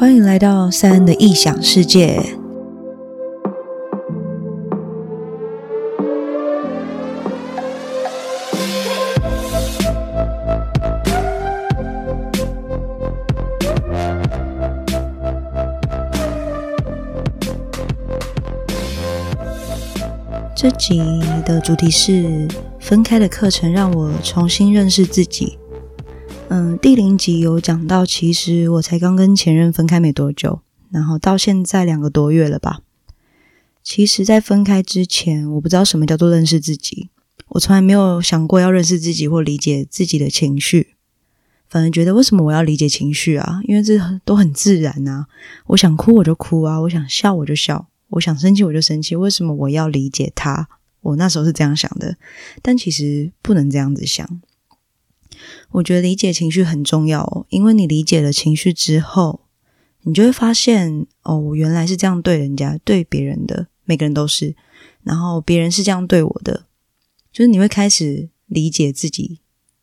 歡迎來到賽恩的異想世界。這集的主題是分開的課程，讓我重新認識自己。嗯，第零集有講到，其實我才剛跟前任分開沒多久，然後到現在兩個多月了吧。其實，在分開之前，我不知道什麼叫做認識自己，我從來沒有想過要認識自己或理解自己的情緒，反而覺得為什麼我要理解情緒啊？因為這都很自然啊。我想哭我就哭啊，我想笑我就笑，我想生氣我就生氣。為什麼我要理解他？我那時候是這樣想的，但其實不能這樣子想。我覺得理解情緒很重要哦，因為你理解了情緒之後，你就會發現哦，我原來是這樣對人家、對別人的，每個人都是。然後別人是這樣對我的，就是你會開始理解自己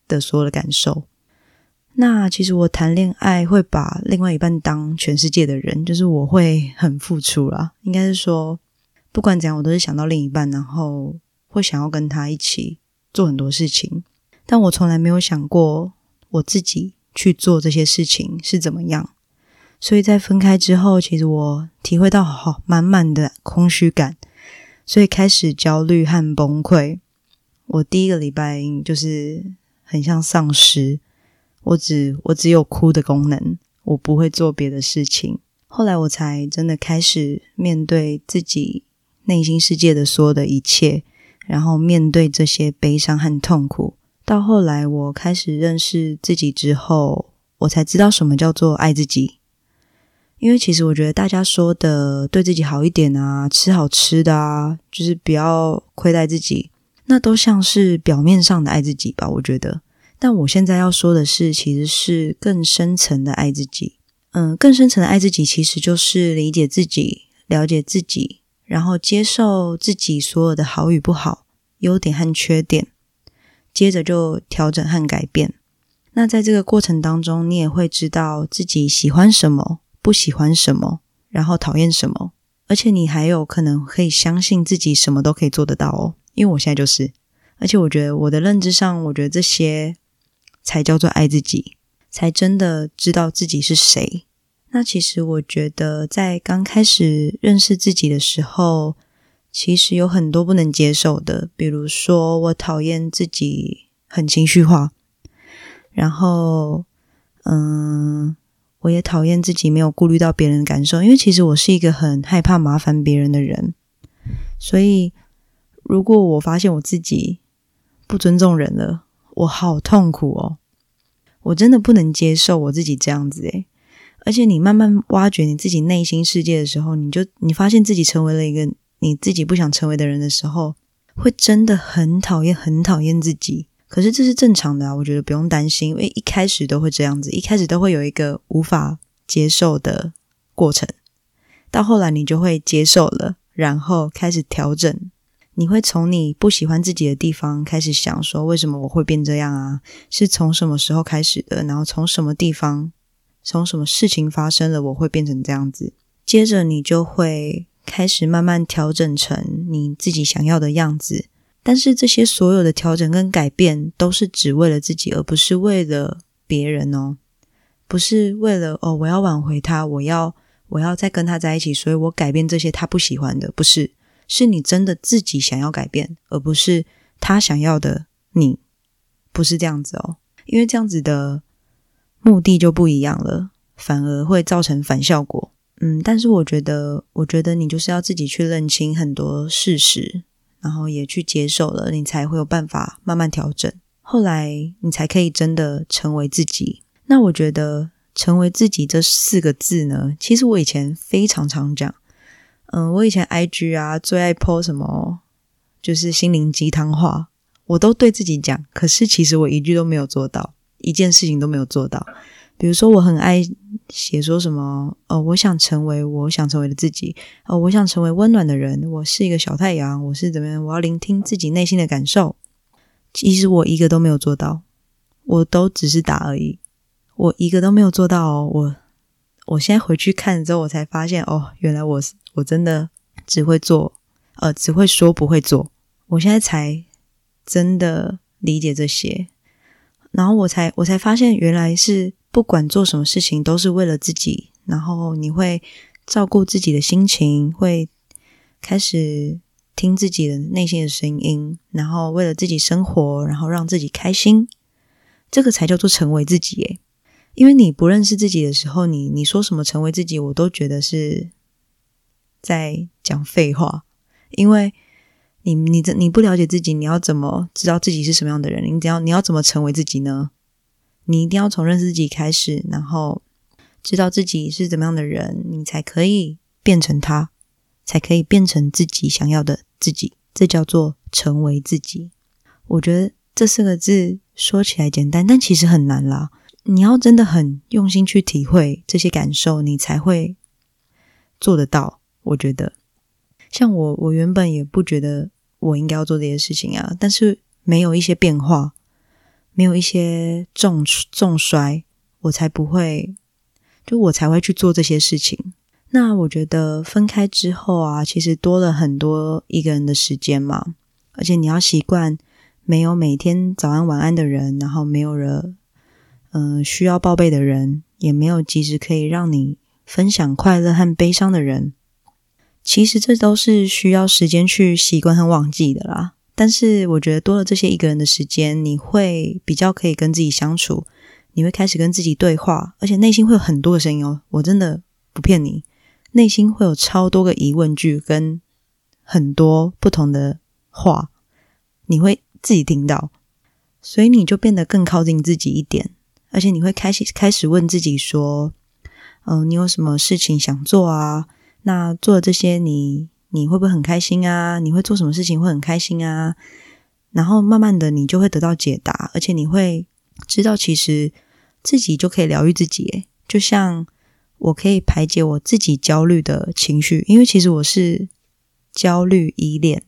的所有的感受。那其實我談戀愛會把另外一半當全世界的人，就是我會很付出啦，應該是說不管怎樣，我都是想到另一半，然後會想要跟他一起做很多事情。但我從來沒有想過我自己去做這些事情是怎麼樣。所以在分開之後，其實我體會到，好，哦，滿滿的空虛感，所以開始焦慮和崩潰。我第一個禮拜就是很像喪屍，我只我只有哭的功能，我不會做別的事情。後來我才真的開始面對自己內心世界的所有的一切，然後面對這些悲傷和痛苦。到後來，我開始認識自己之後，我才知道什麼叫做愛自己。因為其實我覺得大家說的對自己好一點啊，吃好吃的啊，就是不要虧待自己，那都像是表面上的愛自己吧，我覺得。但我現在要說的是，其實是更深層的愛自己。嗯，更深層的愛自己，其實就是理解自己、了解自己，然後接受自己所有的好與不好、優點和缺點。接着就調整和改變。那在這個過程當中，你也會知道自己喜歡什麼，不喜歡什麼，然後討厭什麼。而且你還有可能可以相信自己什麼都可以做得到哦，因為我現在就是。而且我覺得我的認知上，我覺得這些才叫做愛自己，才真的知道自己是誰。那其實我覺得在剛開始認識自己的時候。其實有很多不能接受的，比如說我討厭自己很情緒化，然後嗯，我也討厭自己沒有顧慮到別人的感受，因為其實我是一個很害怕麻煩別人的人。所以如果我發現我自己不尊重人了，我好痛苦哦！我真的不能接受我自己這樣子誒，而且你慢慢挖掘你自己內心世界的時候，你就你發現自己成為了一個。你自己不想成為的人的時候，會真的很討厭、很討厭自己。可是這是正常的啊，我覺得不用擔心，因為一開始都會這樣子，一開始都會有一個無法接受的過程。到後來你就會接受了，然後開始調整。你會從你不喜歡自己的地方開始想說，為什麼我會變這樣啊？是從什麼時候開始的？然後從什麼地方？從什麼事情發生了，我會變成這樣子。接着你就會。開始慢慢調整成你自己想要的樣子，但是這些所有的調整跟改變都是只為了自己，而不是為了別人哦，不是為了哦，我要挽回他，我要我要再跟他在一起，所以我改變這些他不喜歡的，不是，是你真的自己想要改變，而不是他想要的你，你不是這樣子哦，因為這樣子的目的就不一樣了，反而會造成反效果。嗯，但是我覺得，我覺得你就是要自己去認清很多事實，然後也去接受了，你才會有辦法慢慢調整，後來你才可以真的成為自己。那我覺得“成為自己”這四個字呢，其實我以前非常常講。嗯、呃，我以前 IG 啊最愛 po 什麼，就是心靈雞湯話，我都對自己講。可是其實我一句都沒有做到，一件事情都沒有做到。比如說，我很愛寫說什麼，呃、哦，我想成為我想成為的自己，呃、哦，我想成為溫暖的人，我是一個小太陽，我是怎麼樣？我要聆聽自己內心的感受。其實我一個都沒有做到，我都只是打而已。我一個都沒有做到哦，我，我現在回去看之後，我才發現，哦，原來我是我真的只會做，呃，只會說不會做。我現在才真的理解這些。然後我才我才發現，原來是不管做什麼事情都是為了自己。然後你會照顧自己的心情，會開始聽自己的內心的聲音，然後為了自己生活，然後讓自己開心。這個才叫做成為自己耶。因為你不認識自己的時候，你你說什麼成為自己，我都覺得是在講廢話，因為。你你這你不了解自己，你要怎麼知道自己是什麼樣的人？你你要你要怎麼成為自己呢？你一定要從認識自己開始，然後知道自己是怎麼樣的人，你才可以變成他，才可以變成自己想要的自己。這叫做成為自己。我覺得這四個字說起來簡單，但其實很難啦。你要真的很用心去體會這些感受，你才會做得到。我覺得，像我，我原本也不覺得。我應該要做這些事情啊，但是沒有一些變化，沒有一些重重摔，我才不會，就我才會去做這些事情。那我覺得分開之後啊，其實多了很多一個人的時間嘛，而且你要習慣沒有每天早安晚安的人，然後沒有人，嗯、呃，需要報備的人，也沒有及時可以讓你分享快樂和悲傷的人。其實這都是需要時間去習慣和忘記的啦。但是我覺得多了這些一個人的時間，你會比較可以跟自己相處，你會開始跟自己對話，而且內心會有很多的聲音哦。我真的不騙你，內心會有超多個疑問句跟很多不同的話，你會自己聽到，所以你就變得更靠近自己一點。而且你會開始開始問自己說：“嗯、呃，你有什麼事情想做啊？”那做了這些你，你你會不會很開心啊？你會做什麼事情會很開心啊？然後慢慢的，你就會得到解答，而且你會知道，其實自己就可以療癒自己。哎，就像我可以排解我自己焦慮的情緒，因為其實我是焦慮依戀。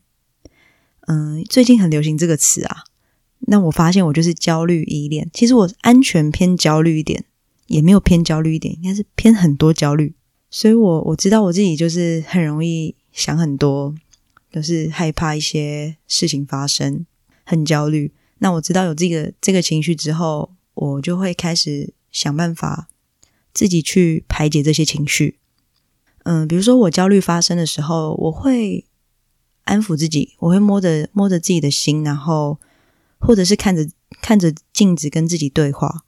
嗯，最近很流行這個詞啊。那我發現我就是焦慮依戀。其實我安全偏焦慮一點，也沒有偏焦慮一點，應該是偏很多焦慮。所以我，我我知道我自己就是很容易想很多，就是害怕一些事情發生，很焦慮。那我知道有這個這個情緒之後，我就會開始想辦法自己去排解這些情緒。嗯，比如說我焦慮發生的時候，我會安撫自己，我會摸着摸着自己的心，然後或者是看着看着鏡子跟自己對話，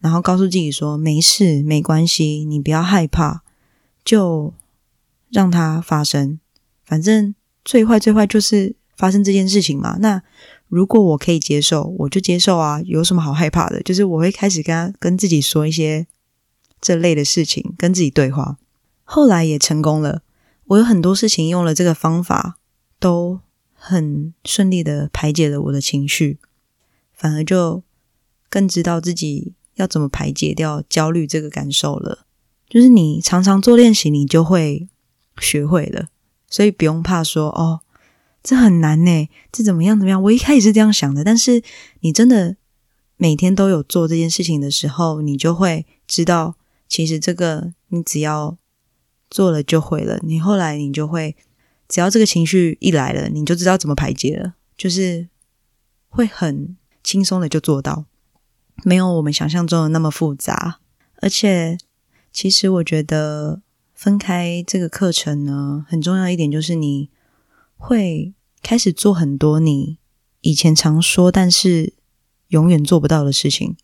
然後告訴自己說：“沒事，沒關係，你不要害怕。”就讓它發生，反正最壞最壞就是發生這件事情嘛。那如果我可以接受，我就接受啊，有什麼好害怕的？就是我會開始跟他跟自己說一些這類的事情，跟自己對話。後來也成功了，我有很多事情用了這個方法，都很順利的排解了我的情緒，反而就更知道自己要怎麼排解掉焦慮這個感受了。就是你常常做練習，你就會學會了，所以不用怕說哦，這很難呢，這怎麼樣怎麼樣？我一開始是這樣想的，但是你真的每天都有做這件事情的時候，你就會知道，其實這個你只要做了就會了。你後來你就會，只要這個情緒一來了，你就知道怎麼排解了，就是會很輕鬆的就做到，沒有我們想象中的那麼複雜，而且。其實我覺得分開這個課程呢，很重要一點就是你會開始做很多你以前常說但是永遠做不到的事情。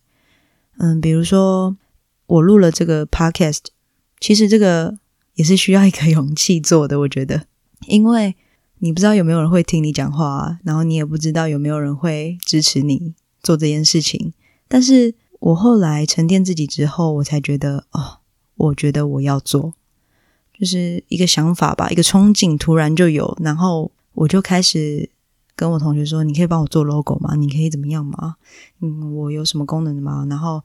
嗯，比如說我錄了這個 podcast，其實這個也是需要一個勇氣做的，我覺得。因為你不知道有沒有人會聽你講話啊，然後你也不知道有沒有人會支持你做這件事情。但是我後來沉澱自己之後，我才覺得哦。我覺得我要做，就是一個想法吧，一個憧憬，突然就有，然後我就開始跟我同學說：“你可以幫我做 logo 嗎？你可以怎麼樣嗎？嗯，我有什麼功能嗎？然後，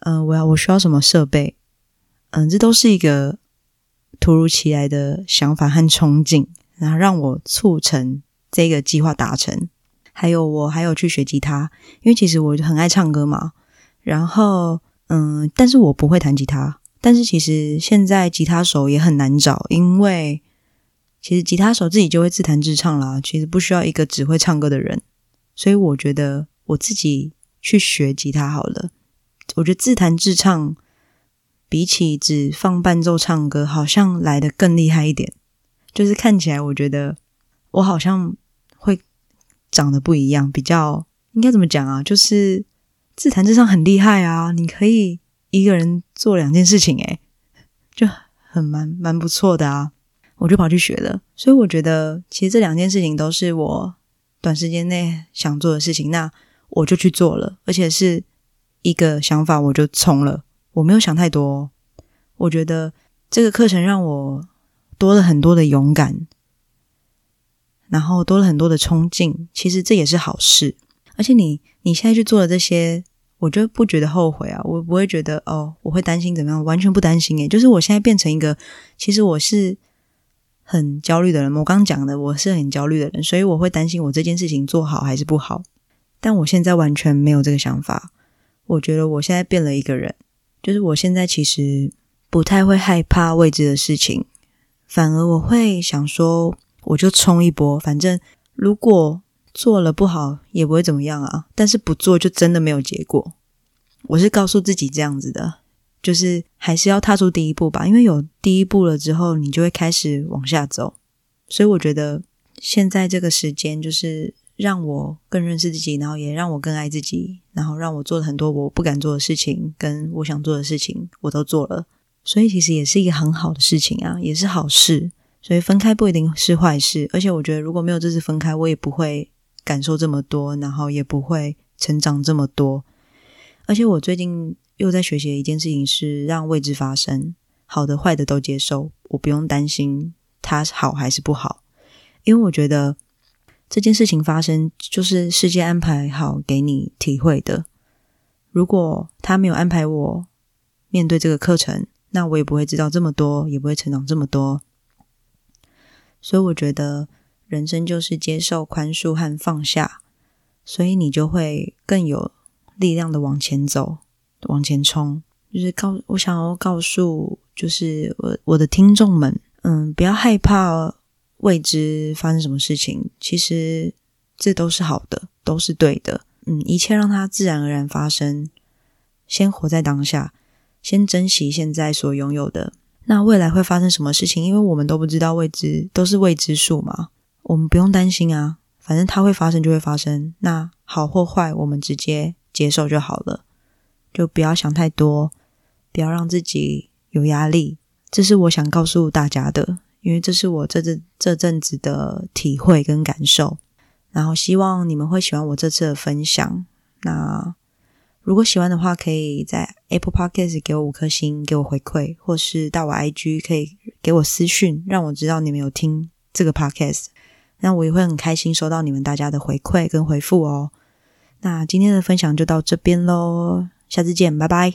嗯、呃，我要我需要什麼設備？嗯、呃，這都是一個突如其來的想法和憧憬，然後讓我促成這個計劃達成。還有我還有去學吉他，因為其實我很愛唱歌嘛。然後，嗯、呃，但是我不會彈吉他。但是其實現在吉他手也很難找，因為其實吉他手自己就會自彈自唱啦，其實不需要一個只會唱歌的人。所以我覺得我自己去學吉他好了。我覺得自彈自唱比起只放伴奏唱歌，好像來得更厲害一點。就是看起來我覺得我好像會長得不一樣，比較應該怎麼講啊？就是自彈自唱很厲害啊，你可以。一個人做兩件事情、欸，哎，就很蠻蠻不錯的啊！我就跑去學了，所以我覺得其實這兩件事情都是我短時間內想做的事情，那我就去做了，而且是一個想法我就衝了，我沒有想太多。我覺得這個課程讓我多了很多的勇敢，然後多了很多的衝勁，其實這也是好事。而且你你現在去做的這些。我就不覺得後悔啊！我不會覺得哦，我會擔心怎麼樣？完全不擔心耶！就是我現在變成一個，其實我是很焦慮的人。我剛講的，我是很焦慮的人，所以我會擔心我這件事情做好還是不好。但我現在完全沒有這個想法。我覺得我現在變了一個人，就是我現在其實不太會害怕未知的事情，反而我會想說，我就衝一波，反正如果。做了不好也不會怎麼樣啊，但是不做就真的沒有結果。我是告訴自己這樣子的，就是還是要踏出第一步吧，因為有第一步了之後，你就會開始往下走。所以我覺得現在這個時間就是讓我更認識自己，然後也讓我更愛自己，然後讓我做了很多我不敢做的事情，跟我想做的事情我都做了。所以其實也是一個很好的事情啊，也是好事。所以分開不一定是壞事，而且我覺得如果沒有這次分開，我也不會。感受這麼多，然後也不會成長這麼多。而且我最近又在學習一件事情，是讓未知發生，好的壞的都接受，我不用擔心它好還是不好，因為我覺得這件事情發生就是世界安排好給你體會的。如果他沒有安排我面對這個課程，那我也不會知道這麼多，也不會成長這麼多。所以我覺得。人生就是接受寬恕和放下，所以你就會更有力量的往前走、往前衝。就是告，我想要告訴，就是我我的聽眾們，嗯，不要害怕未知發生什麼事情，其實這都是好的，都是對的。嗯，一切讓它自然而然發生，先活在當下，先珍惜現在所擁有的。那未來會發生什麼事情？因為我們都不知道未知，都是未知數嘛，我們不用擔心啊，反正它會發生就會發生。那好或壞，我們直接接受就好了，就不要想太多，不要讓自己有壓力。這是我想告訴大家的，因為這是我這陣這陣子的體會跟感受。然後希望你們會喜歡我這次的分享。那如果喜歡的話，可以在 Apple Podcast 給我五顆星，給我回饋，或是到我 IG 可以給我私訊，讓我知道你們有聽這個 Podcast。那我也會很開心收到你們大家的回饋跟回復哦。那今天的分享就到這邊嘍，下次見，拜拜。